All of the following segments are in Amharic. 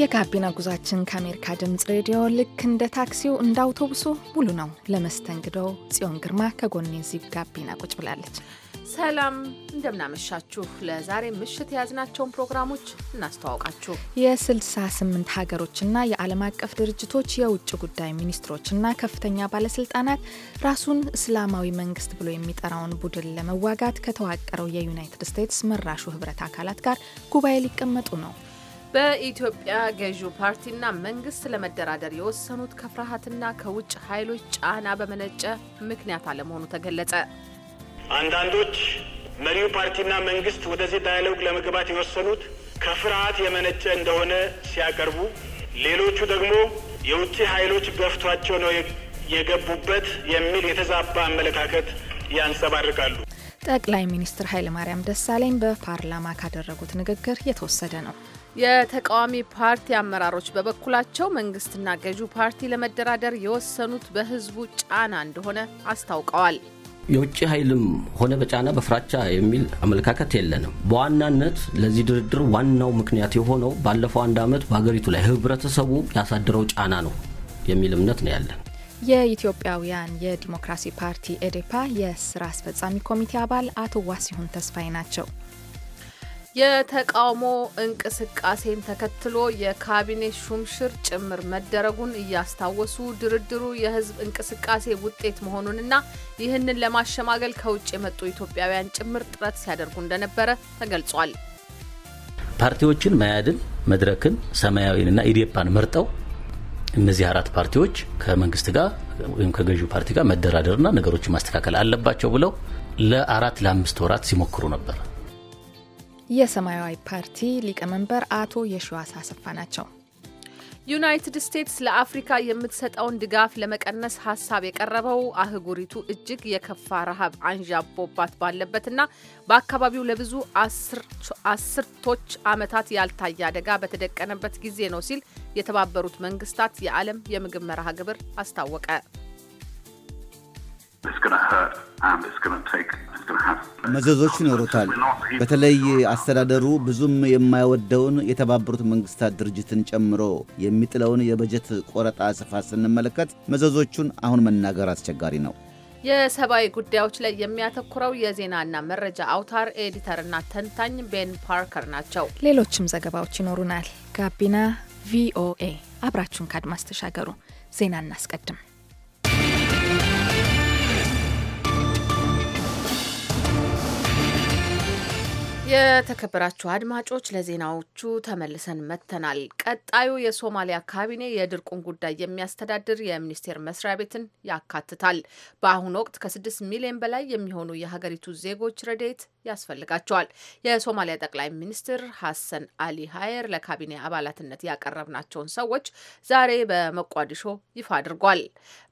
የጋቢና ጉዛችን ከአሜሪካ ድምፅ ሬዲዮ ልክ እንደ ታክሲው እንደ አውቶቡሱ ሙሉ ነው። ለመስተንግዶ ጽዮን ግርማ ከጎኔ እዚህ ጋቢና ቁጭ ብላለች። ሰላም እንደምናመሻችሁ። ለዛሬ ምሽት የያዝናቸውን ፕሮግራሞች እናስተዋውቃችሁ። የ68 ሀገሮችና የዓለም አቀፍ ድርጅቶች የውጭ ጉዳይ ሚኒስትሮችና ከፍተኛ ባለስልጣናት ራሱን እስላማዊ መንግስት ብሎ የሚጠራውን ቡድን ለመዋጋት ከተዋቀረው የዩናይትድ ስቴትስ መራሹ ህብረት አካላት ጋር ጉባኤ ሊቀመጡ ነው። በኢትዮጵያ ገዢው ፓርቲና መንግስት ለመደራደር የወሰኑት ከፍርሃትና ከውጭ ኃይሎች ጫና በመነጨ ምክንያት አለመሆኑ ተገለጸ። አንዳንዶች መሪው ፓርቲና መንግስት ወደዚህ ዳያሎግ ለመግባት የወሰኑት ከፍርሃት የመነጨ እንደሆነ ሲያቀርቡ፣ ሌሎቹ ደግሞ የውጭ ኃይሎች ገፍቷቸው ነው የገቡበት የሚል የተዛባ አመለካከት ያንጸባርቃሉ። ጠቅላይ ሚኒስትር ኃይለማርያም ደሳለኝ በፓርላማ ካደረጉት ንግግር የተወሰደ ነው። የተቃዋሚ ፓርቲ አመራሮች በበኩላቸው መንግስትና ገዢው ፓርቲ ለመደራደር የወሰኑት በህዝቡ ጫና እንደሆነ አስታውቀዋል። የውጭ ኃይልም ሆነ በጫና በፍራቻ የሚል አመለካከት የለንም። በዋናነት ለዚህ ድርድር ዋናው ምክንያት የሆነው ባለፈው አንድ ዓመት በሀገሪቱ ላይ ህብረተሰቡ ያሳደረው ጫና ነው የሚል እምነት ነው ያለን። የኢትዮጵያውያን የዲሞክራሲ ፓርቲ ኤዴፓ የስራ አስፈጻሚ ኮሚቴ አባል አቶ ዋሲሁን ተስፋዬ ናቸው። የተቃውሞ እንቅስቃሴን ተከትሎ የካቢኔ ሹምሽር ጭምር መደረጉን እያስታወሱ ድርድሩ የህዝብ እንቅስቃሴ ውጤት መሆኑንና ይህንን ለማሸማገል ከውጭ የመጡ ኢትዮጵያውያን ጭምር ጥረት ሲያደርጉ እንደነበረ ተገልጿል። ፓርቲዎችን መያድን፣ መድረክን፣ ሰማያዊንና ኢዴፓን መርጠው እነዚህ አራት ፓርቲዎች ከመንግስት ጋር ወይም ከገዢው ፓርቲ ጋር መደራደርና ነገሮችን ማስተካከል አለባቸው ብለው ለአራት ለአምስት ወራት ሲሞክሩ ነበር። የሰማያዊ ፓርቲ ሊቀመንበር አቶ የሸዋስ አሰፋ ናቸው። ዩናይትድ ስቴትስ ለአፍሪካ የምትሰጠውን ድጋፍ ለመቀነስ ሀሳብ የቀረበው አህጉሪቱ እጅግ የከፋ ረሃብ አንዣቦባት ባለበትና በአካባቢው ለብዙ አስርቶች ዓመታት ያልታየ አደጋ በተደቀነበት ጊዜ ነው ሲል የተባበሩት መንግስታት የዓለም የምግብ መርሃ ግብር አስታወቀ። መዘዞች ይኖሩታል። በተለይ አስተዳደሩ ብዙም የማይወደውን የተባበሩት መንግስታት ድርጅትን ጨምሮ የሚጥለውን የበጀት ቆረጣ ስፋት ስንመለከት መዘዞቹን አሁን መናገር አስቸጋሪ ነው። የሰብአዊ ጉዳዮች ላይ የሚያተኩረው የዜናና መረጃ አውታር ኤዲተርና ተንታኝ ቤን ፓርከር ናቸው። ሌሎችም ዘገባዎች ይኖሩናል። ጋቢና ቪኦኤ አብራችሁን ከአድማስ ተሻገሩ። ዜና እናስቀድም። የተከበራችሁ አድማጮች ለዜናዎቹ ተመልሰን መጥተናል። ቀጣዩ የሶማሊያ ካቢኔ የድርቁን ጉዳይ የሚያስተዳድር የሚኒስቴር መስሪያ ቤትን ያካትታል። በአሁኑ ወቅት ከስድስት ሚሊዮን በላይ የሚሆኑ የሀገሪቱ ዜጎች ረዴት ያስፈልጋቸዋል። የሶማሊያ ጠቅላይ ሚኒስትር ሀሰን አሊ ሀየር ለካቢኔ አባላትነት ያቀረብናቸውን ሰዎች ዛሬ በመቋዲሾ ይፋ አድርጓል።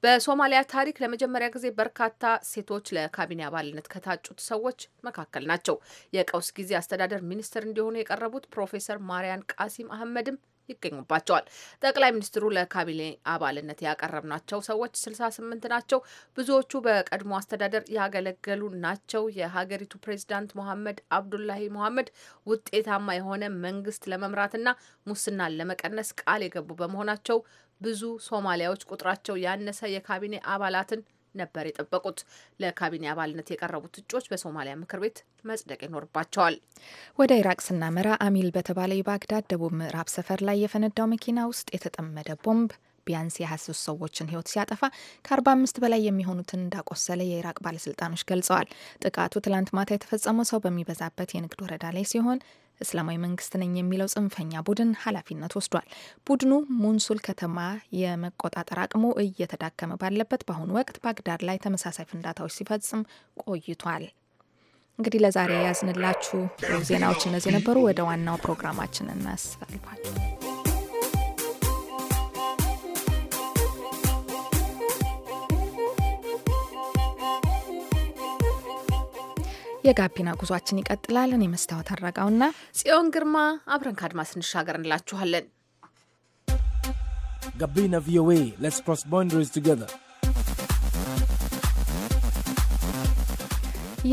በሶማሊያ ታሪክ ለመጀመሪያ ጊዜ በርካታ ሴቶች ለካቢኔ አባልነት ከታጩት ሰዎች መካከል ናቸው። የቀውስ ጊዜ አስተዳደር ሚኒስትር እንዲሆኑ የቀረቡት ፕሮፌሰር ማርያን ቃሲም አህመድም ይገኙባቸዋል። ጠቅላይ ሚኒስትሩ ለካቢኔ አባልነት ያቀረብናቸው ሰዎች ስልሳ ስምንት ናቸው። ብዙዎቹ በቀድሞ አስተዳደር ያገለገሉ ናቸው። የሀገሪቱ ፕሬዚዳንት ሞሐመድ አብዱላሂ ሞሐመድ ውጤታማ የሆነ መንግስት ለመምራትና ሙስናን ለመቀነስ ቃል የገቡ በመሆናቸው ብዙ ሶማሊያዎች ቁጥራቸው ያነሰ የካቢኔ አባላትን ነበር የጠበቁት። ለካቢኔ አባልነት የቀረቡት እጩዎች በሶማሊያ ምክር ቤት መጽደቅ ይኖርባቸዋል። ወደ ኢራቅ ስናመራ አሚል በተባለ የባግዳድ ደቡብ ምዕራብ ሰፈር ላይ የፈነዳው መኪና ውስጥ የተጠመደ ቦምብ ቢያንስ የ23 ሰዎችን ህይወት ሲያጠፋ ከ45 በላይ የሚሆኑትን እንዳቆሰለ የኢራቅ ባለስልጣኖች ገልጸዋል። ጥቃቱ ትላንት ማታ የተፈጸመው ሰው በሚበዛበት የንግድ ወረዳ ላይ ሲሆን እስላማዊ መንግስት ነኝ የሚለው ጽንፈኛ ቡድን ኃላፊነት ወስዷል። ቡድኑ ሙንሱል ከተማ የመቆጣጠር አቅሙ እየተዳከመ ባለበት በአሁኑ ወቅት ባግዳድ ላይ ተመሳሳይ ፍንዳታዎች ሲፈጽም ቆይቷል። እንግዲህ ለዛሬ ያዝንላችሁ ዜናዎች እነዚህ ነበሩ። ወደ ዋናው ፕሮግራማችን እናሳልፋለን። የጋቢና ጉዟችን ይቀጥላል። የመስታወት መስታወት አረጋውና ጽዮን ግርማ አብረን ከአድማስ እንሻገር እንላችኋለን። ጋቢና ቪኦኤ ሌትስ ክሮስ ቦንደሪስ ቱጌዘር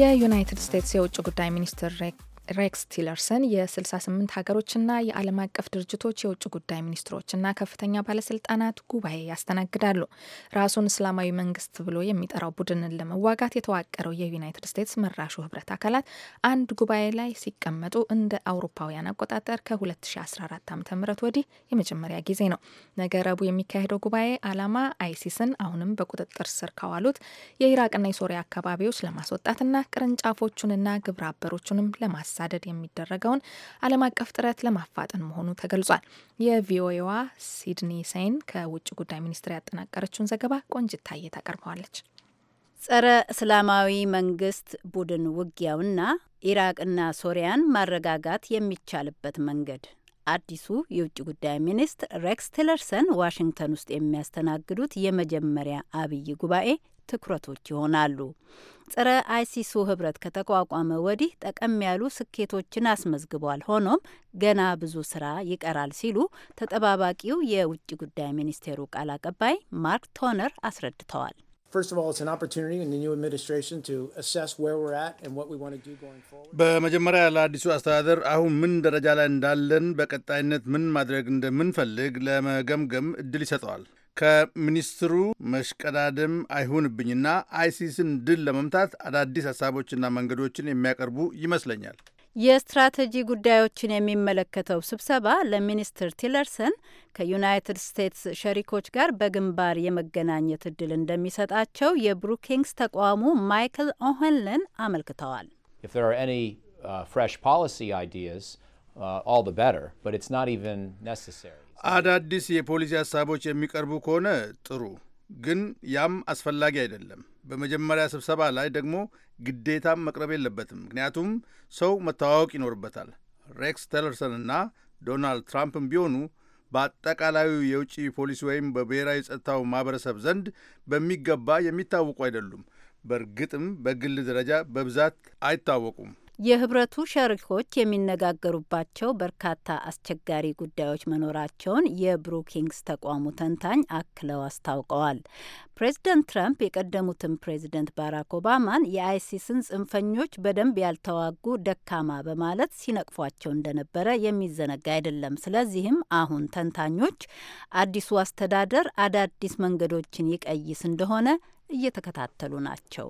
የዩናይትድ ስቴትስ የውጭ ጉዳይ ሚኒስትር ሬክ ሬክስ ቲለርሰን የ68 ሀገሮችና የዓለም አቀፍ ድርጅቶች የውጭ ጉዳይ ሚኒስትሮችና ከፍተኛ ባለስልጣናት ጉባኤ ያስተናግዳሉ። ራሱን እስላማዊ መንግስት ብሎ የሚጠራው ቡድንን ለመዋጋት የተዋቀረው የዩናይትድ ስቴትስ መራሹ ህብረት አካላት አንድ ጉባኤ ላይ ሲቀመጡ እንደ አውሮፓውያን አቆጣጠር ከ2014 ዓ.ም ወዲህ የመጀመሪያ ጊዜ ነው። ነገ ረቡዕ የሚካሄደው ጉባኤ ዓላማ አይሲስን አሁንም በቁጥጥር ስር ካዋሉት የኢራቅና የሶሪያ አካባቢዎች ለማስወጣትና ቅርንጫፎቹንና ግብረ አበሮቹንም ለማስ ለማሳደድ የሚደረገውን ዓለም አቀፍ ጥረት ለማፋጠን መሆኑ ተገልጿል። የቪኦኤዋ ሲድኒ ሴን ከውጭ ጉዳይ ሚኒስትር ያጠናቀረችውን ዘገባ ቆንጅታዬ ታቀርበዋለች። ጸረ እስላማዊ መንግስት ቡድን ውጊያውና ኢራቅና ሶሪያን ማረጋጋት የሚቻልበት መንገድ አዲሱ የውጭ ጉዳይ ሚኒስትር ሬክስ ቲለርሰን ዋሽንግተን ውስጥ የሚያስተናግዱት የመጀመሪያ አብይ ጉባኤ ትኩረቶች ይሆናሉ። ጸረ አይሲሱ ህብረት ከተቋቋመ ወዲህ ጠቀም ያሉ ስኬቶችን አስመዝግቧል። ሆኖም ገና ብዙ ስራ ይቀራል ሲሉ ተጠባባቂው የውጭ ጉዳይ ሚኒስቴሩ ቃል አቀባይ ማርክ ቶነር አስረድተዋል። በመጀመሪያ ለአዲሱ አስተዳደር አሁን ምን ደረጃ ላይ እንዳለን፣ በቀጣይነት ምን ማድረግ እንደምንፈልግ ለመገምገም እድል ይሰጠዋል። ከሚኒስትሩ መሽቀዳደም አይሁንብኝና አይሲስን ድል ለመምታት አዳዲስ ሀሳቦችና መንገዶችን የሚያቀርቡ ይመስለኛል። የስትራቴጂ ጉዳዮችን የሚመለከተው ስብሰባ ለሚኒስትር ቲለርሰን ከዩናይትድ ስቴትስ ሸሪኮች ጋር በግንባር የመገናኘት እድል እንደሚሰጣቸው የብሩኪንግስ ተቋሙ ማይክል ኦሄንለን አመልክተዋል። ፍሬሽ ፖሊሲ አይዲያስ ኦል ዘ ቤተር በት ኢትስ ናት ኢቨን ኔሰሰሪ አዳዲስ የፖሊሲ ሀሳቦች የሚቀርቡ ከሆነ ጥሩ፣ ግን ያም አስፈላጊ አይደለም። በመጀመሪያ ስብሰባ ላይ ደግሞ ግዴታም መቅረብ የለበትም፣ ምክንያቱም ሰው መተዋወቅ ይኖርበታል። ሬክስ ቴለርሰን እና ዶናልድ ትራምፕም ቢሆኑ በአጠቃላዩ የውጭ ፖሊሲ ወይም በብሔራዊ ጸጥታው ማህበረሰብ ዘንድ በሚገባ የሚታወቁ አይደሉም። በእርግጥም በግል ደረጃ በብዛት አይታወቁም። የህብረቱ ሸሪኮች የሚነጋገሩባቸው በርካታ አስቸጋሪ ጉዳዮች መኖራቸውን የብሩኪንግስ ተቋሙ ተንታኝ አክለው አስታውቀዋል። ፕሬዝደንት ትራምፕ የቀደሙትን ፕሬዝደንት ባራክ ኦባማን የአይሲስን ጽንፈኞች በደንብ ያልተዋጉ ደካማ በማለት ሲነቅፏቸው እንደነበረ የሚዘነጋ አይደለም። ስለዚህም አሁን ተንታኞች አዲሱ አስተዳደር አዳዲስ መንገዶችን ይቀይስ እንደሆነ እየተከታተሉ ናቸው።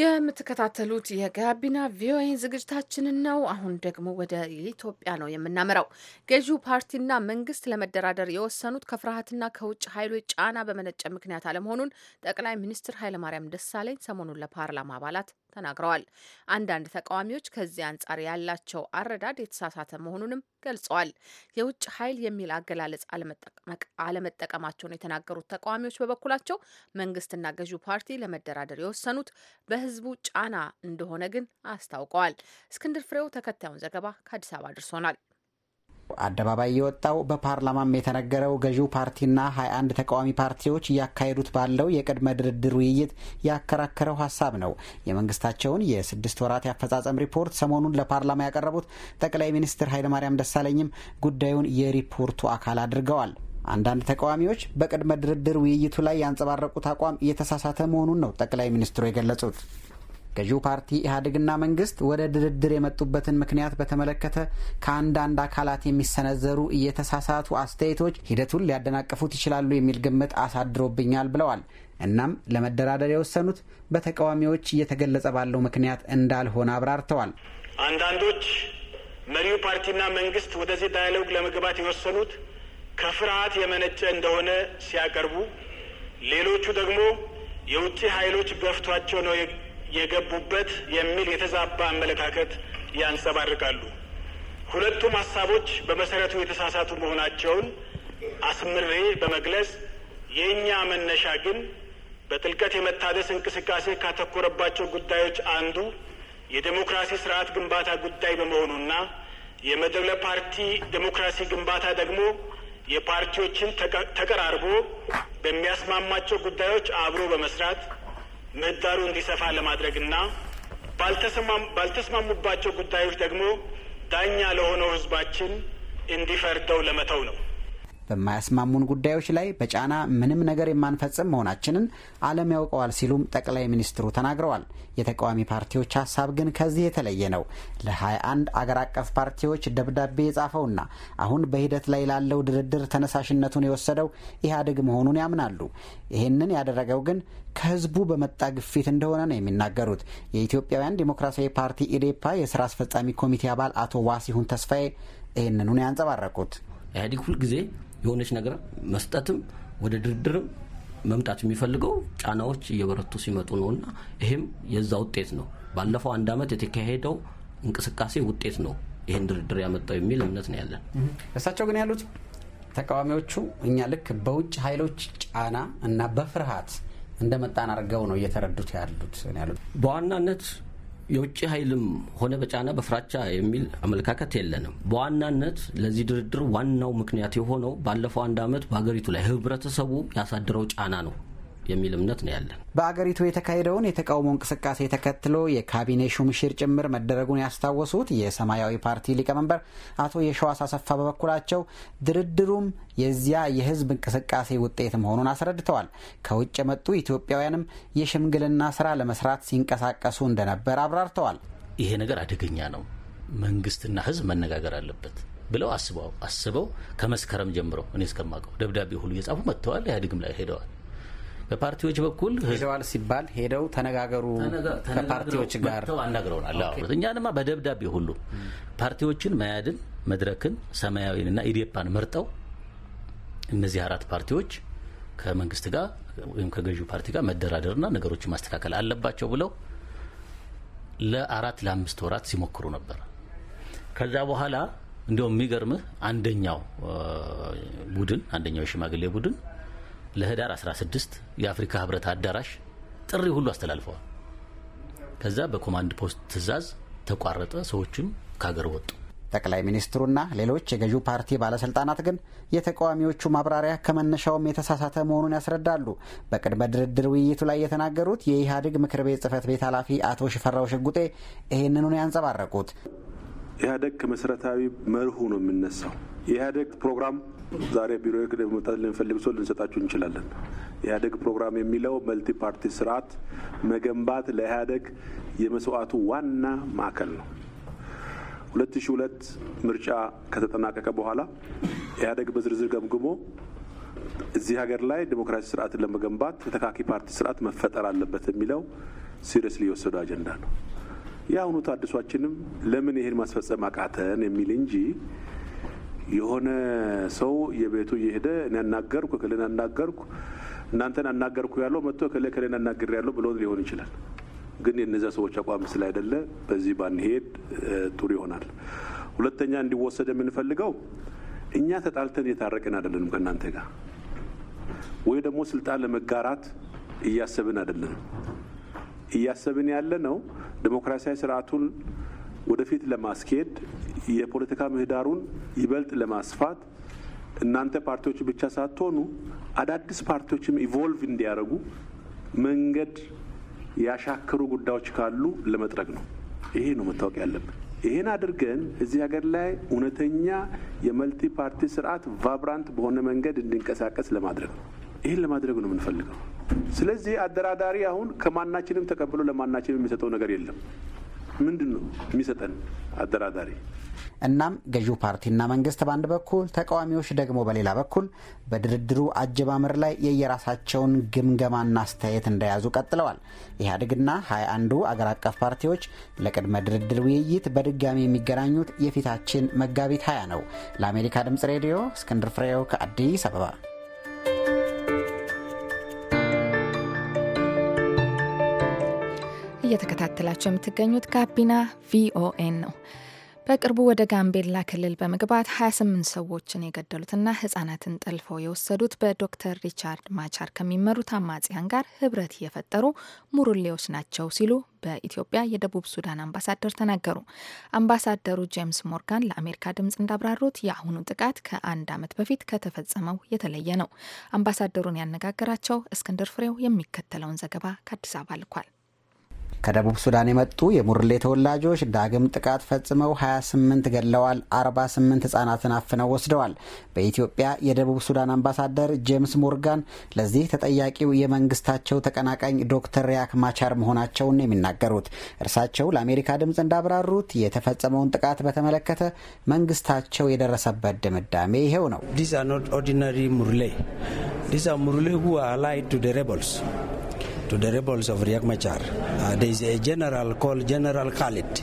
የምትከታተሉት የጋቢና ቪኦኤ ዝግጅታችንን ነው። አሁን ደግሞ ወደ ኢትዮጵያ ነው የምናመራው። ገዢው ፓርቲና መንግስት ለመደራደር የወሰኑት ከፍርሃትና ከውጭ ኃይሎች ጫና በመነጨ ምክንያት አለመሆኑን ጠቅላይ ሚኒስትር ኃይለማርያም ደሳለኝ ሰሞኑን ለፓርላማ አባላት ተናግረዋል። አንዳንድ ተቃዋሚዎች ከዚህ አንጻር ያላቸው አረዳድ የተሳሳተ መሆኑንም ገልጸዋል። የውጭ ኃይል የሚል አገላለጽ አለመጠቀማቸውን የተናገሩት ተቃዋሚዎች በበኩላቸው መንግስትና ገዢው ፓርቲ ለመደራደር የወሰኑት በህ የህዝቡ ጫና እንደሆነ ግን አስታውቀዋል። እስክንድር ፍሬው ተከታዩን ዘገባ ከአዲስ አበባ ደርሶናል። አደባባይ የወጣው በፓርላማም የተነገረው ገዢው ፓርቲና 21 ተቃዋሚ ፓርቲዎች እያካሄዱት ባለው የቅድመ ድርድር ውይይት ያከራከረው ሀሳብ ነው። የመንግስታቸውን የስድስት ወራት የአፈጻጸም ሪፖርት ሰሞኑን ለፓርላማ ያቀረቡት ጠቅላይ ሚኒስትር ኃይለማርያም ደሳለኝም ጉዳዩን የሪፖርቱ አካል አድርገዋል። አንዳንድ ተቃዋሚዎች በቅድመ ድርድር ውይይቱ ላይ ያንጸባረቁት አቋም እየተሳሳተ መሆኑን ነው ጠቅላይ ሚኒስትሩ የገለጹት። ገዢው ፓርቲ ኢህአዴግና መንግስት ወደ ድርድር የመጡበትን ምክንያት በተመለከተ ከአንዳንድ አካላት የሚሰነዘሩ እየተሳሳቱ አስተያየቶች ሂደቱን ሊያደናቅፉት ይችላሉ የሚል ግምት አሳድሮብኛል ብለዋል። እናም ለመደራደር የወሰኑት በተቃዋሚዎች እየተገለጸ ባለው ምክንያት እንዳልሆነ አብራርተዋል። አንዳንዶች መሪው ፓርቲና መንግስት ወደዚህ ዳያሎግ ለመግባት የወሰኑት ከፍርሃት የመነጨ እንደሆነ ሲያቀርቡ፣ ሌሎቹ ደግሞ የውጭ ኃይሎች ገፍቷቸው ነው የገቡበት የሚል የተዛባ አመለካከት ያንጸባርቃሉ። ሁለቱም ሀሳቦች በመሰረቱ የተሳሳቱ መሆናቸውን አስምሬ በመግለጽ የእኛ መነሻ ግን በጥልቀት የመታደስ እንቅስቃሴ ካተኮረባቸው ጉዳዮች አንዱ የዴሞክራሲ ስርዓት ግንባታ ጉዳይ በመሆኑና የመድብለ ፓርቲ ዴሞክራሲ ግንባታ ደግሞ የፓርቲዎችን ተቀራርቦ በሚያስማማቸው ጉዳዮች አብሮ በመስራት ምህዳሩ እንዲሰፋ ለማድረግና ባልተስማሙባቸው ጉዳዮች ደግሞ ዳኛ ለሆነው ህዝባችን እንዲፈርደው ለመተው ነው። በማያስማሙን ጉዳዮች ላይ በጫና ምንም ነገር የማንፈጽም መሆናችንን ዓለም ያውቀዋል ሲሉም ጠቅላይ ሚኒስትሩ ተናግረዋል። የተቃዋሚ ፓርቲዎች ሀሳብ ግን ከዚህ የተለየ ነው። ለ21 አገር አቀፍ ፓርቲዎች ደብዳቤ የጻፈውና አሁን በሂደት ላይ ላለው ድርድር ተነሳሽነቱን የወሰደው ኢህአዴግ መሆኑን ያምናሉ። ይህንን ያደረገው ግን ከህዝቡ በመጣ ግፊት እንደሆነ ነው የሚናገሩት። የኢትዮጵያውያን ዴሞክራሲያዊ ፓርቲ ኢዴፓ የስራ አስፈጻሚ ኮሚቴ አባል አቶ ዋሲሁን ተስፋዬ ይህንኑን ያንጸባረቁት ኢህአዴግ ሁልጊዜ የሆነች ነገር መስጠትም ወደ ድርድርም መምጣት የሚፈልገው ጫናዎች እየበረቱ ሲመጡ ነው እና ይሄም የዛ ውጤት ነው። ባለፈው አንድ ዓመት የተካሄደው እንቅስቃሴ ውጤት ነው ይህን ድርድር ያመጣው የሚል እምነት ነው ያለን። እሳቸው ግን ያሉት ተቃዋሚዎቹ እኛ ልክ በውጭ ኃይሎች ጫና እና በፍርሃት እንደመጣን አድርገው ነው እየተረዱት ያሉት ያሉት በዋናነት የውጭ ኃይልም ሆነ በጫና በፍራቻ የሚል አመለካከት የለንም። በዋናነት ለዚህ ድርድር ዋናው ምክንያት የሆነው ባለፈው አንድ ዓመት በሀገሪቱ ላይ ህብረተሰቡ ያሳደረው ጫና ነው። የሚል እምነት ነው ያለን። በአገሪቱ የተካሄደውን የተቃውሞ እንቅስቃሴ ተከትሎ የካቢኔ ሹምሽር ጭምር መደረጉን ያስታወሱት የሰማያዊ ፓርቲ ሊቀመንበር አቶ የሸዋስ አሰፋ በበኩላቸው ድርድሩም የዚያ የህዝብ እንቅስቃሴ ውጤት መሆኑን አስረድተዋል። ከውጭ የመጡ ኢትዮጵያውያንም የሽምግልና ስራ ለመስራት ሲንቀሳቀሱ እንደነበር አብራርተዋል። ይሄ ነገር አደገኛ ነው፣ መንግስትና ህዝብ መነጋገር አለበት ብለው አስበው አስበው ከመስከረም ጀምሮ እኔ እስከማውቀው ደብዳቤ ሁሉ እየጻፉ መጥተዋል። ኢህአዴግም ላይ ሄደዋል። በፓርቲዎች በኩል ሄደዋል ሲባል ሄደው ተነጋገሩ ከፓርቲዎች ጋር አናግረውናል። እኛ ድማ በደብዳቤ ሁሉ ፓርቲዎችን መያድን፣ መድረክን፣ ሰማያዊንና ኢዴፓን መርጠው እነዚህ አራት ፓርቲዎች ከመንግስት ጋር ወይም ከገዢው ፓርቲ ጋር መደራደርና ነገሮችን ማስተካከል አለባቸው ብለው ለአራት ለአምስት ወራት ሲሞክሩ ነበር። ከዛ በኋላ እንዲያውም የሚገርምህ አንደኛው ቡድን አንደኛው የሽማግሌ ቡድን ለህዳር 16 የአፍሪካ ህብረት አዳራሽ ጥሪ ሁሉ አስተላልፈዋል። ከዛ በኮማንድ ፖስት ትዕዛዝ ተቋረጠ። ሰዎችም ከሀገር ወጡ። ጠቅላይ ሚኒስትሩና ሌሎች የገዢው ፓርቲ ባለስልጣናት ግን የተቃዋሚዎቹ ማብራሪያ ከመነሻውም የተሳሳተ መሆኑን ያስረዳሉ። በቅድመ ድርድር ውይይቱ ላይ የተናገሩት የኢህአዴግ ምክር ቤት ጽህፈት ቤት ኃላፊ አቶ ሽፈራው ሽጉጤ ይህንኑን ያንጸባረቁት ኢህአዴግ ከመሰረታዊ መርሁ ነው የሚነሳው። የኢህአዴግ ፕሮግራም ዛሬ ቢሮ ክደ መምጣት ልንፈልግ ሰው ልንሰጣችሁ እንችላለን። ኢህአዴግ ፕሮግራም የሚለው መልቲ ፓርቲ ስርዓት መገንባት ለኢህአዴግ የመስዋዕቱ ዋና ማዕከል ነው። ሁለት ሺ ሁለት ምርጫ ከተጠናቀቀ በኋላ ኢህአዴግ በዝርዝር ገምግሞ እዚህ ሀገር ላይ ዲሞክራሲ ስርዓትን ለመገንባት ተተካኪ ፓርቲ ስርዓት መፈጠር አለበት የሚለው ሲሪየስሊ የወሰደው አጀንዳ ነው። የአሁኑ ታድሷችንም ለምን ይህን ማስፈጸም አቃተን የሚል እንጂ የሆነ ሰው የቤቱ እየሄደ እኔ አናገርኩ እክልን አናገርኩ እናንተን አናገርኩ ያለው መጥቶ እክል እክልን አናግር ያለው ብሎ ሊሆን ይችላል። ግን የነዚያ ሰዎች አቋም ስላይደለ በዚህ ባንሄድ ጥሩ ይሆናል። ሁለተኛ እንዲወሰድ የምንፈልገው እኛ ተጣልተን እየታረቅን አይደለንም ከእናንተ ጋር ወይ ደግሞ ስልጣን ለመጋራት እያሰብን አይደለንም። እያሰብን ያለ ነው ዲሞክራሲያዊ ስርዓቱን ወደፊት ለማስኬድ የፖለቲካ ምህዳሩን ይበልጥ ለማስፋት እናንተ ፓርቲዎች ብቻ ሳትሆኑ አዳዲስ ፓርቲዎችም ኢቮልቭ እንዲያደርጉ መንገድ ያሻከሩ ጉዳዮች ካሉ ለመጥረግ ነው። ይሄ ነው መታወቅ ያለብን። ይህን አድርገን እዚህ ሀገር ላይ እውነተኛ የመልቲ ፓርቲ ስርዓት ቫይብራንት በሆነ መንገድ እንዲንቀሳቀስ ለማድረግ ነው። ይህን ለማድረግ ነው የምንፈልገው። ስለዚህ አደራዳሪ አሁን ከማናችንም ተቀብሎ ለማናችንም የሚሰጠው ነገር የለም። ምንድን ነው የሚሰጠን አደራዳሪ? እናም ገዢው ፓርቲና መንግስት በአንድ በኩል ተቃዋሚዎች ደግሞ በሌላ በኩል በድርድሩ አጀማመር ላይ የየራሳቸውን ግምገማና አስተያየት እንደያዙ ቀጥለዋል። ኢህአዴግና ሀያ አንዱ አገር አቀፍ ፓርቲዎች ለቅድመ ድርድር ውይይት በድጋሚ የሚገናኙት የፊታችን መጋቢት ሀያ ነው። ለአሜሪካ ድምጽ ሬዲዮ እስክንድር ፍሬው ከአዲስ አበባ እየተከታተላቸው የምትገኙት ጋቢና ቪኦኤን ነው። በቅርቡ ወደ ጋምቤላ ክልል በመግባት 28 ሰዎችን የገደሉትና ህጻናትን ጠልፈው የወሰዱት በዶክተር ሪቻርድ ማቻር ከሚመሩት አማጽያን ጋር ህብረት የፈጠሩ ሙሩሌዎች ናቸው ሲሉ በኢትዮጵያ የደቡብ ሱዳን አምባሳደር ተናገሩ። አምባሳደሩ ጄምስ ሞርጋን ለአሜሪካ ድምፅ እንዳብራሩት የአሁኑ ጥቃት ከአንድ ዓመት በፊት ከተፈጸመው የተለየ ነው። አምባሳደሩን ያነጋገራቸው እስክንድር ፍሬው የሚከተለውን ዘገባ ከአዲስ አበባ ልኳል። ከደቡብ ሱዳን የመጡ የሙርሌ ተወላጆች ዳግም ጥቃት ፈጽመው 28 ገለዋል 48 ህጻናትን አፍነው ወስደዋል። በኢትዮጵያ የደቡብ ሱዳን አምባሳደር ጄምስ ሞርጋን ለዚህ ተጠያቂው የመንግስታቸው ተቀናቃኝ ዶክተር ሪያክ ማቻር መሆናቸውን የሚናገሩት እርሳቸው ለአሜሪካ ድምፅ እንዳብራሩት የተፈጸመውን ጥቃት በተመለከተ መንግስታቸው የደረሰበት ድምዳሜ ይሄው ነው። ሙርሌ to the rebels of Riek Machar. Uh, there is a general called General Khalid,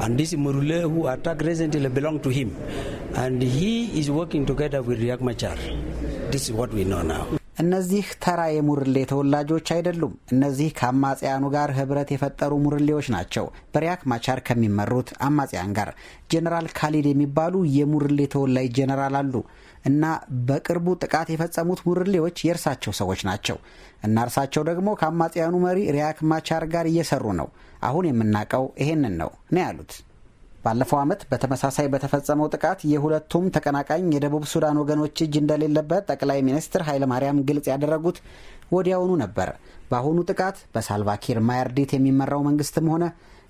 and this Murule who attacked recently belonged to him, and he is working together with Riek Machar. This is what we know now. እነዚህ ተራ የሙርሌ ተወላጆች አይደሉም። እነዚህ ከአማጽያኑ ጋር ህብረት የፈጠሩ ሙርሌዎች ናቸው። በሪያክ ማቻር ከሚመሩት አማጽያን ጋር ጀኔራል ካሊድ የሚባሉ የሙርሌ ተወላጅ ጀኔራል አሉ እና በቅርቡ ጥቃት የፈጸሙት ሙርሌዎች የእርሳቸው ሰዎች ናቸው እና እርሳቸው ደግሞ ከአማጽያኑ መሪ ሪያክ ማቻር ጋር እየሰሩ ነው። አሁን የምናውቀው ይሄንን ነው ነው ያሉት። ባለፈው ዓመት በተመሳሳይ በተፈጸመው ጥቃት የሁለቱም ተቀናቃኝ የደቡብ ሱዳን ወገኖች እጅ እንደሌለበት ጠቅላይ ሚኒስትር ኃይለማርያም ግልጽ ያደረጉት ወዲያውኑ ነበር። በአሁኑ ጥቃት በሳልቫኪር ማያርዲት የሚመራው መንግስትም ሆነ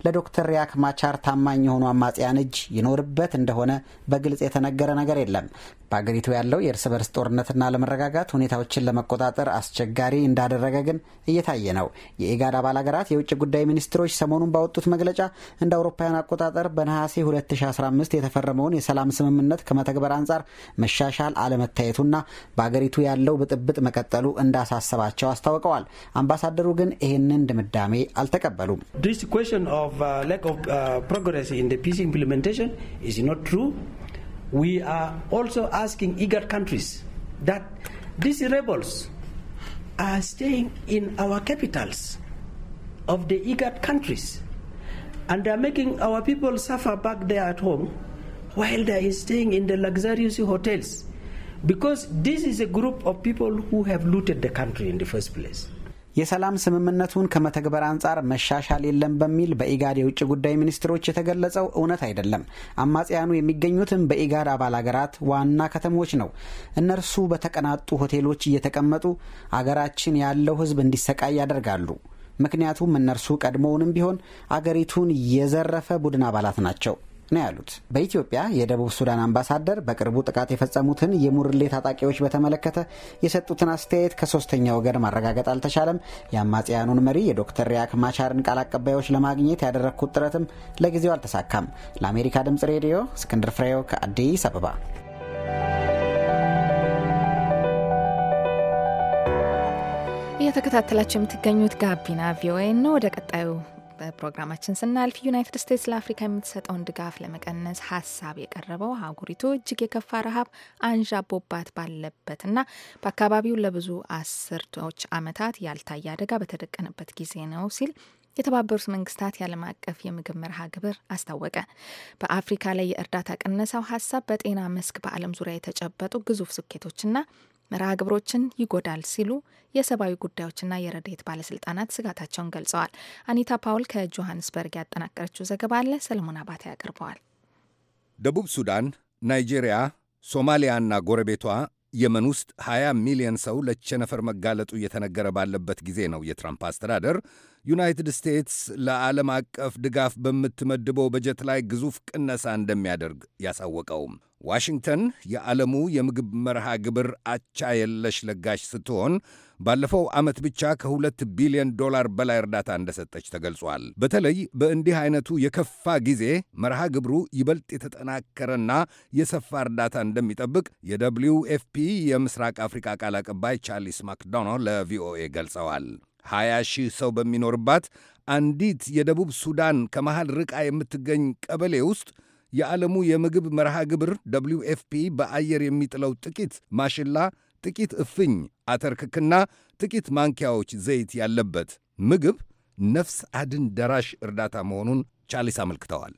ለዶክተር ሪያክ ማቻር ታማኝ የሆኑ አማጽያን እጅ ይኖርበት እንደሆነ በግልጽ የተነገረ ነገር የለም። በአገሪቱ ያለው የእርስ በርስ ጦርነትና ለመረጋጋት ሁኔታዎችን ለመቆጣጠር አስቸጋሪ እንዳደረገ ግን እየታየ ነው። የኢጋድ አባል ሀገራት የውጭ ጉዳይ ሚኒስትሮች ሰሞኑን ባወጡት መግለጫ እንደ አውሮፓውያን አቆጣጠር በነሐሴ 2015 የተፈረመውን የሰላም ስምምነት ከመተግበር አንጻር መሻሻል አለመታየቱና በአገሪቱ ያለው ብጥብጥ መቀጠሉ እንዳሳሰባቸው አስታውቀዋል። አምባሳደሩ ግን ይህንን ድምዳሜ አልተቀበሉም። of uh, lack of uh, progress in the peace implementation is not true. We are also asking IGAD countries that these rebels are staying in our capitals of the IGAD countries and they are making our people suffer back there at home while they are staying in the luxurious hotels because this is a group of people who have looted the country in the first place. የሰላም ስምምነቱን ከመተግበር አንጻር መሻሻል የለም በሚል በኢጋድ የውጭ ጉዳይ ሚኒስትሮች የተገለጸው እውነት አይደለም። አማጽያኑ የሚገኙትም በኢጋድ አባል አገራት ዋና ከተሞች ነው። እነርሱ በተቀናጡ ሆቴሎች እየተቀመጡ አገራችን ያለው ሕዝብ እንዲሰቃይ ያደርጋሉ። ምክንያቱም እነርሱ ቀድሞውንም ቢሆን አገሪቱን የዘረፈ ቡድን አባላት ናቸው። ነው ያሉት። በኢትዮጵያ የደቡብ ሱዳን አምባሳደር በቅርቡ ጥቃት የፈጸሙትን የሙርሌ ታጣቂዎች በተመለከተ የሰጡትን አስተያየት ከሶስተኛ ወገን ማረጋገጥ አልተቻለም። የአማጽያኑን መሪ የዶክተር ሪያክ ማቻርን ቃል አቀባዮች ለማግኘት ያደረግኩት ጥረትም ለጊዜው አልተሳካም። ለአሜሪካ ድምጽ ሬዲዮ እስክንድር ፍሬው ከአዲስ አበባ። እየተከታተላቸው የምትገኙት ጋቢና ቪኦኤ ነው። ወደ ቀጣዩ በፕሮግራማችን ስናልፍ ዩናይትድ ስቴትስ ለአፍሪካ የምትሰጠውን ድጋፍ ለመቀነስ ሀሳብ የቀረበው አህጉሪቱ እጅግ የከፋ ረሃብ አንዣቦባት ባለበትና በአካባቢው ለብዙ አስርቶች ዓመታት ያልታየ አደጋ በተደቀነበት ጊዜ ነው ሲል የተባበሩት መንግስታት የዓለም አቀፍ የምግብ መርሃ ግብር አስታወቀ። በአፍሪካ ላይ የእርዳታ ቅነሳው ሀሳብ በጤና መስክ በዓለም ዙሪያ የተጨበጡ ግዙፍ ስኬቶችና መርሃ ግብሮችን ይጎዳል ሲሉ የሰብአዊ ጉዳዮችና የረድኤት ባለስልጣናት ስጋታቸውን ገልጸዋል። አኒታ ፓውል ከጆሃንስበርግ ያጠናቀረችው ዘገባ አለ። ሰለሞን አባተ ያቀርበዋል። ደቡብ ሱዳን፣ ናይጄሪያ፣ ሶማሊያና ጎረቤቷ የመን ውስጥ 20 ሚሊዮን ሰው ለቸነፈር መጋለጡ እየተነገረ ባለበት ጊዜ ነው የትራምፕ አስተዳደር ዩናይትድ ስቴትስ ለዓለም አቀፍ ድጋፍ በምትመድበው በጀት ላይ ግዙፍ ቅነሳ እንደሚያደርግ ያሳወቀው። ዋሽንግተን የዓለሙ የምግብ መርሃ ግብር አቻ የለሽ ለጋሽ ስትሆን ባለፈው ዓመት ብቻ ከሁለት ቢሊዮን ዶላር በላይ እርዳታ እንደሰጠች ተገልጿል። በተለይ በእንዲህ አይነቱ የከፋ ጊዜ መርሃ ግብሩ ይበልጥ የተጠናከረና የሰፋ እርዳታ እንደሚጠብቅ የደብሊው ኤፍፒ የምስራቅ አፍሪካ ቃል አቀባይ ቻርሊስ ማክዶኖ ለቪኦኤ ገልጸዋል። 20 ሺህ ሰው በሚኖርባት አንዲት የደቡብ ሱዳን ከመሃል ርቃ የምትገኝ ቀበሌ ውስጥ የዓለሙ የምግብ መርሃ ግብር ደብሊው ኤፍፒ በአየር የሚጥለው ጥቂት ማሽላ፣ ጥቂት እፍኝ አተርክክና ጥቂት ማንኪያዎች ዘይት ያለበት ምግብ ነፍስ አድን ደራሽ እርዳታ መሆኑን ቻሊስ አመልክተዋል።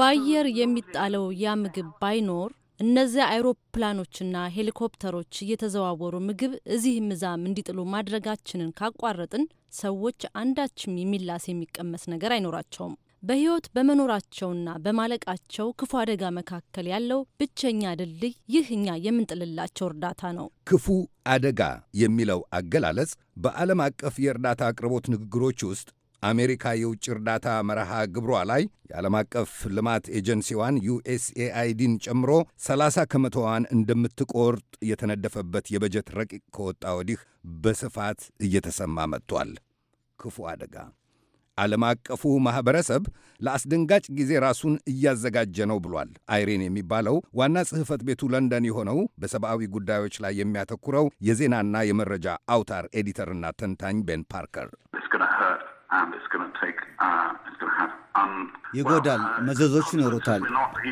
በአየር የሚጣለው ያ ምግብ ባይኖር እነዚያ አይሮፕላኖችና ሄሊኮፕተሮች እየተዘዋወሩ ምግብ እዚህ ምዛም እንዲጥሉ ማድረጋችንን ካቋረጥን ሰዎች አንዳችም የሚላስ የሚቀመስ ነገር አይኖራቸውም። በሕይወት በመኖራቸውና በማለቃቸው ክፉ አደጋ መካከል ያለው ብቸኛ ድልድይ ይህ እኛ የምንጥልላቸው እርዳታ ነው። ክፉ አደጋ የሚለው አገላለጽ በዓለም አቀፍ የእርዳታ አቅርቦት ንግግሮች ውስጥ አሜሪካ የውጭ እርዳታ መርሃ ግብሯ ላይ የዓለም አቀፍ ልማት ኤጀንሲዋን ዩኤስኤአይዲን ጨምሮ 30 ከመቶዋን እንደምትቆርጥ የተነደፈበት የበጀት ረቂቅ ከወጣ ወዲህ በስፋት እየተሰማ መጥቷል። ክፉ አደጋ። ዓለም አቀፉ ማኅበረሰብ ለአስደንጋጭ ጊዜ ራሱን እያዘጋጀ ነው ብሏል። አይሬን የሚባለው ዋና ጽሕፈት ቤቱ ለንደን የሆነው በሰብአዊ ጉዳዮች ላይ የሚያተኩረው የዜናና የመረጃ አውታር ኤዲተርና ተንታኝ ቤን ፓርከር Uh, ይጎዳል፣ uh, መዘዞች ይኖሩታል።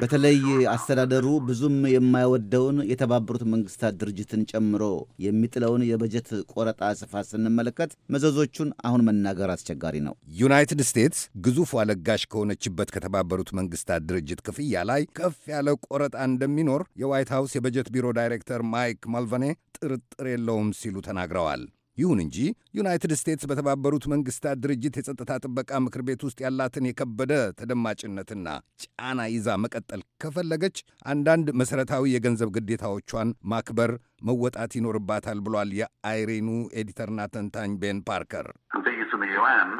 በተለይ አስተዳደሩ ብዙም የማይወደውን የተባበሩት መንግስታት ድርጅትን ጨምሮ የሚጥለውን የበጀት ቆረጣ ስፋት ስንመለከት መዘዞቹን አሁን መናገር አስቸጋሪ ነው። ዩናይትድ ስቴትስ ግዙፍ አለጋሽ ከሆነችበት ከተባበሩት መንግስታት ድርጅት ክፍያ ላይ ከፍ ያለ ቆረጣ እንደሚኖር የዋይት ሀውስ የበጀት ቢሮ ዳይሬክተር ማይክ ማልቫኔ ጥርጥር የለውም ሲሉ ተናግረዋል። ይሁን እንጂ ዩናይትድ ስቴትስ በተባበሩት መንግስታት ድርጅት የጸጥታ ጥበቃ ምክር ቤት ውስጥ ያላትን የከበደ ተደማጭነትና ጫና ይዛ መቀጠል ከፈለገች አንዳንድ መሠረታዊ የገንዘብ ግዴታዎቿን ማክበር መወጣት ይኖርባታል ብሏል የአይሬኑ ኤዲተርና ተንታኝ ቤን ፓርከር። um,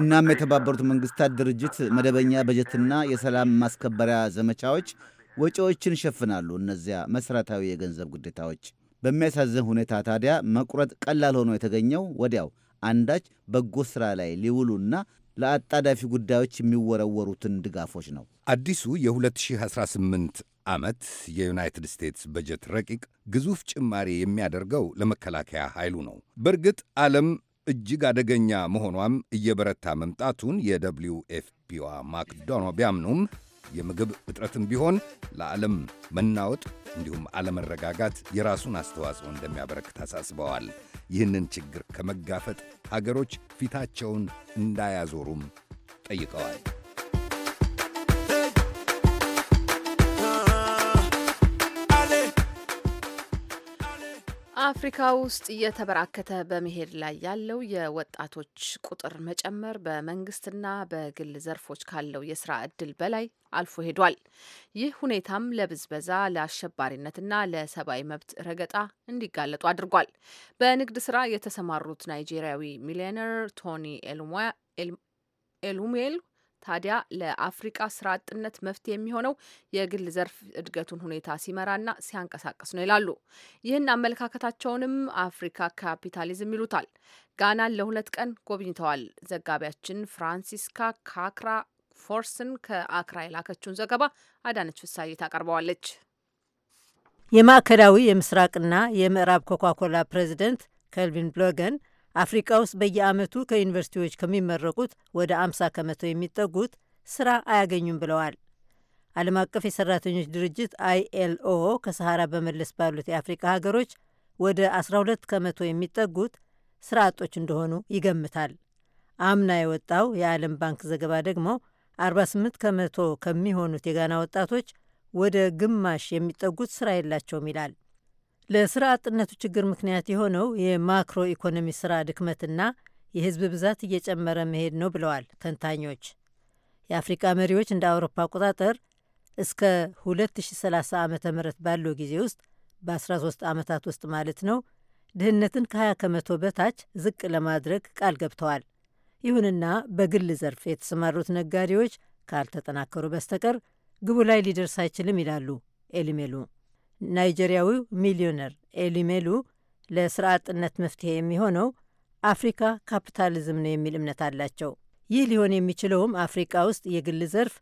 እናም የተባበሩት መንግስታት ድርጅት መደበኛ በጀትና የሰላም ማስከበሪያ ዘመቻዎች ወጪዎችን ይሸፍናሉ። እነዚያ መሠረታዊ የገንዘብ ግዴታዎች። በሚያሳዝን ሁኔታ ታዲያ መቁረጥ ቀላል ሆኖ የተገኘው ወዲያው አንዳች በጎ ሥራ ላይ ሊውሉና ለአጣዳፊ ጉዳዮች የሚወረወሩትን ድጋፎች ነው። አዲሱ የ2018 ዓመት የዩናይትድ ስቴትስ በጀት ረቂቅ ግዙፍ ጭማሪ የሚያደርገው ለመከላከያ ኃይሉ ነው። በእርግጥ ዓለም እጅግ አደገኛ መሆኗም እየበረታ መምጣቱን የደብሊው ኤፍፒዋ ማክዶኖ ቢያምኑም የምግብ እጥረትም ቢሆን ለዓለም መናወጥ እንዲሁም አለመረጋጋት የራሱን አስተዋጽኦ እንደሚያበረክት አሳስበዋል። ይህንን ችግር ከመጋፈጥ ሀገሮች ፊታቸውን እንዳያዞሩም ጠይቀዋል። አፍሪካ ውስጥ እየተበራከተ በመሄድ ላይ ያለው የወጣቶች ቁጥር መጨመር በመንግስትና በግል ዘርፎች ካለው የስራ እድል በላይ አልፎ ሄዷል። ይህ ሁኔታም ለብዝበዛ፣ ለአሸባሪነትና ለሰብአዊ መብት ረገጣ እንዲጋለጡ አድርጓል። በንግድ ስራ የተሰማሩት ናይጄሪያዊ ሚሊዮነር ቶኒ ኤሉሜል ታዲያ ለአፍሪቃ ስራ አጥነት መፍትሄ የሚሆነው የግል ዘርፍ እድገቱን ሁኔታ ሲመራና ሲያንቀሳቀስ ነው ይላሉ። ይህን አመለካከታቸውንም አፍሪካ ካፒታሊዝም ይሉታል። ጋናን ለሁለት ቀን ጎብኝተዋል። ዘጋቢያችን ፍራንሲስካ ካክራ ፎርስን ከአክራ የላከችውን ዘገባ አዳነች ፍሳዬ ታቀርበዋለች። የማዕከላዊ የምስራቅና የምዕራብ ኮካኮላ ፕሬዚደንት ከልቪን ብሎገን አፍሪቃ ውስጥ በየዓመቱ ከዩኒቨርሲቲዎች ከሚመረቁት ወደ 50 ከመቶ የሚጠጉት ስራ አያገኙም ብለዋል። ዓለም አቀፍ የሰራተኞች ድርጅት አይኤልኦ ከሰሃራ በመለስ ባሉት የአፍሪቃ ሀገሮች ወደ 12 ከመቶ የሚጠጉት ስራ አጦች እንደሆኑ ይገምታል። አምና የወጣው የዓለም ባንክ ዘገባ ደግሞ 48 ከመቶ ከሚሆኑት የጋና ወጣቶች ወደ ግማሽ የሚጠጉት ስራ የላቸውም ይላል። ለስራ አጥነቱ ችግር ምክንያት የሆነው የማክሮ ኢኮኖሚ ስራ ድክመትና የህዝብ ብዛት እየጨመረ መሄድ ነው ብለዋል ተንታኞች። የአፍሪቃ መሪዎች እንደ አውሮፓ አቆጣጠር እስከ 2030 ዓ ም ባለው ጊዜ ውስጥ በ13 ዓመታት ውስጥ ማለት ነው ድህነትን ከ20 ከመቶ በታች ዝቅ ለማድረግ ቃል ገብተዋል። ይሁንና በግል ዘርፍ የተሰማሩት ነጋዴዎች ካልተጠናከሩ በስተቀር ግቡ ላይ ሊደርስ አይችልም ይላሉ ኤሊሜሉ። ናይጄሪያዊው ሚሊዮነር ኤሊሜሉ ለስራ አጥነት መፍትሄ የሚሆነው አፍሪካ ካፒታሊዝም ነው የሚል እምነት አላቸው። ይህ ሊሆን የሚችለውም አፍሪካ ውስጥ የግል ዘርፍ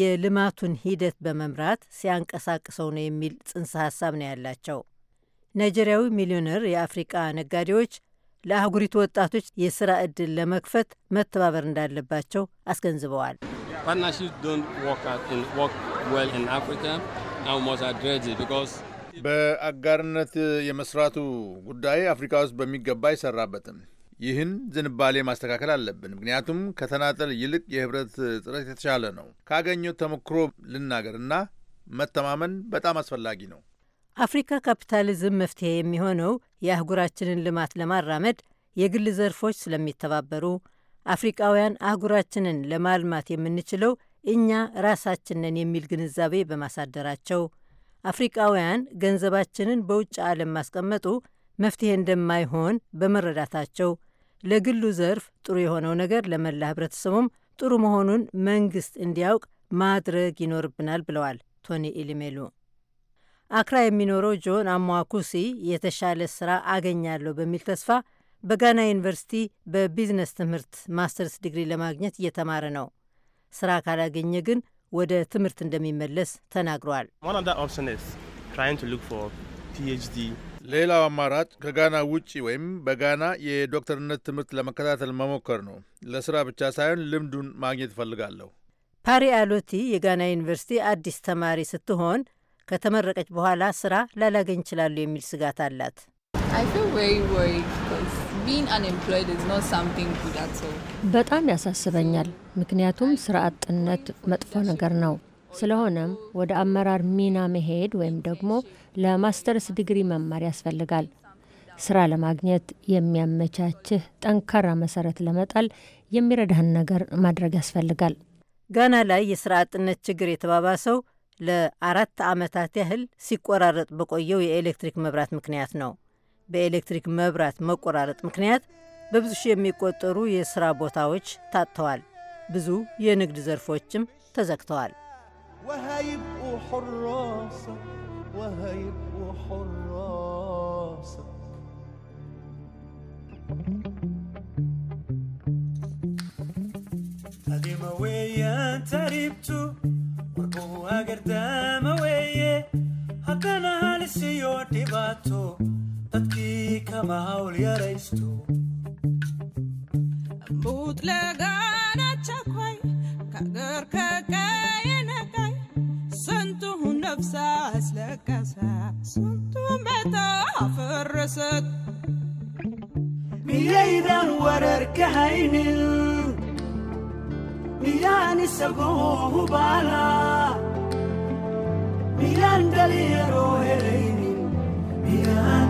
የልማቱን ሂደት በመምራት ሲያንቀሳቅሰው ነው የሚል ጽንሰ ሀሳብ ነው ያላቸው። ናይጄሪያዊ ሚሊዮነር የአፍሪቃ ነጋዴዎች ለአህጉሪቱ ወጣቶች የሥራ ዕድል ለመክፈት መተባበር እንዳለባቸው አስገንዝበዋል። በአጋርነት የመስራቱ ጉዳይ አፍሪካ ውስጥ በሚገባ አይሰራበትም። ይህን ዝንባሌ ማስተካከል አለብን። ምክንያቱም ከተናጠል ይልቅ የህብረት ጥረት የተሻለ ነው። ካገኘው ተሞክሮ ልናገርና መተማመን በጣም አስፈላጊ ነው። አፍሪካ ካፒታሊዝም መፍትሄ የሚሆነው የአህጉራችንን ልማት ለማራመድ የግል ዘርፎች ስለሚተባበሩ፣ አፍሪቃውያን አህጉራችንን ለማልማት የምንችለው እኛ ራሳችንን የሚል ግንዛቤ በማሳደራቸው አፍሪቃውያን ገንዘባችንን በውጭ ዓለም ማስቀመጡ መፍትሄ እንደማይሆን በመረዳታቸው ለግሉ ዘርፍ ጥሩ የሆነው ነገር ለመላ ህብረተሰቡም ጥሩ መሆኑን መንግስት እንዲያውቅ ማድረግ ይኖርብናል ብለዋል ቶኒ ኢሊሜሉ። አክራ የሚኖረው ጆን አሟኩሲ የተሻለ ስራ አገኛለሁ በሚል ተስፋ በጋና ዩኒቨርሲቲ በቢዝነስ ትምህርት ማስተርስ ዲግሪ ለማግኘት እየተማረ ነው። ስራ ካላገኘ ግን ወደ ትምህርት እንደሚመለስ ተናግሯል። ሌላው አማራጭ ከጋና ውጪ ወይም በጋና የዶክተርነት ትምህርት ለመከታተል መሞከር ነው። ለስራ ብቻ ሳይሆን ልምዱን ማግኘት እፈልጋለሁ። ፓሪ አሎቲ የጋና ዩኒቨርሲቲ አዲስ ተማሪ ስትሆን ከተመረቀች በኋላ ስራ ላላገኝ ይችላሉ የሚል ስጋት አላት። በጣም ያሳስበኛል፣ ምክንያቱም ስራ አጥነት መጥፎ ነገር ነው። ስለሆነም ወደ አመራር ሚና መሄድ ወይም ደግሞ ለማስተርስ ዲግሪ መማር ያስፈልጋል። ስራ ለማግኘት የሚያመቻችህ ጠንካራ መሰረት ለመጣል የሚረዳህን ነገር ማድረግ ያስፈልጋል። ጋና ላይ የስራ አጥነት ችግር የተባባሰው ለአራት ዓመታት ያህል ሲቆራረጥ በቆየው የኤሌክትሪክ መብራት ምክንያት ነው። በኤሌክትሪክ መብራት መቆራረጥ ምክንያት በብዙ ሺህ የሚቆጠሩ የሥራ ቦታዎች ታጥተዋል። ብዙ የንግድ ዘርፎችም ተዘግተዋል። dadkii kama hawl yaraysto mutlaqaana jakway kagarka kayanakay santuhu nafsa aslakasa santuu meta afarrasad miyaydan wararka haynin miyaan isagoo hubaalaa miyaan dhalinyaroo helaynin miyaan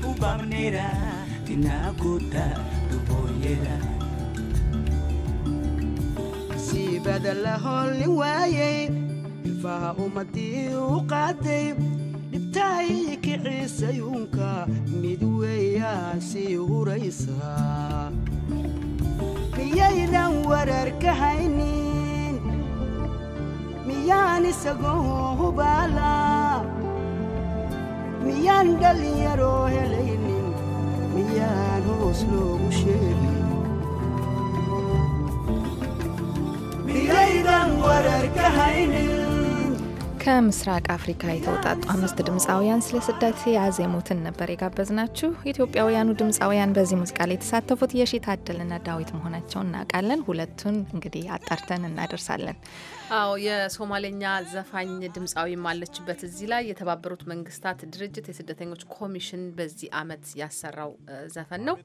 hubamnera siibada la hoolni waayey ifaha ummadii u qaatay dhibtahay kiciisayuunka mid weeyaa sii huraysa wararka hayni miyani isa hubala miyan miyyaan dhalli yeroo helaynin miyyaan hoos loogu sheebi ከምስራቅ አፍሪካ የተውጣጡ አምስት ድምፃውያን ስለ ስደት ያዜሙትን ነበር የጋበዝ ናችሁ። ኢትዮጵያውያኑ ድምፃውያን በዚህ ሙዚቃ ላይ የተሳተፉት የሺ ታደልና ዳዊት መሆናቸውን እናውቃለን። ሁለቱን እንግዲህ አጣርተን እናደርሳለን። አዎ የሶማሌኛ ዘፋኝ ድምፃዊም አለችበት እዚህ ላይ የተባበሩት መንግስታት ድርጅት የስደተኞች ኮሚሽን በዚህ አመት ያሰራው ዘፈን ነው።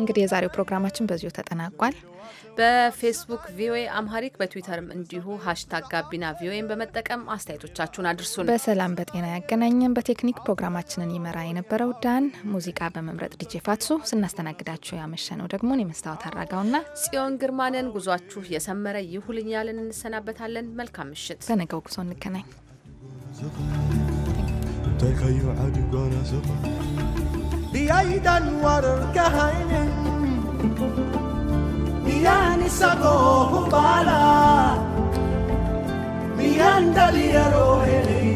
እንግዲህ የዛሬው ፕሮግራማችን በዚሁ ተጠናቋል። በፌስቡክ ቪኦኤ አምሀሪክ በትዊተርም እንዲሁ ሀሽታግ ጋቢና ቪኦኤን በመጠቀም አስተያየቶቻችሁን አድርሱን። በሰላም በጤና ያገናኘን። በቴክኒክ ፕሮግራማችንን ይመራ የነበረው ዳን፣ ሙዚቃ በመምረጥ ዲጄ ፋትሱ፣ ስናስተናግዳችሁ ያመሸነው ደግሞ የመስታወት አራጋውና ጽዮን ግርማንን ጉዟችሁ የሰመረ ይሁልኛልን እንሰናበ እንሰናበታለን። መልካም ምሽት። ከነገው ጉዞ እንገናኝ። تكيو عادي وانا ثقة بيعيد انوار كهينن بيان سقوه بالا بيان دليل روحي